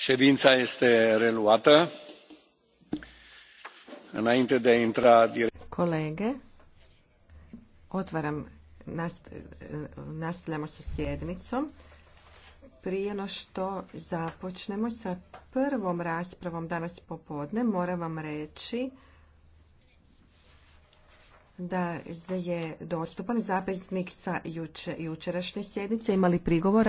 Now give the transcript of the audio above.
ședința este reluată. Înainte de a Kolege, otvaram, nastavljamo sa sjednicom. Prije no što započnemo sa prvom raspravom danas popodne, moram vam reći da je dostupan zapisnik sa jučerašnje sjednice. Imali prigovora?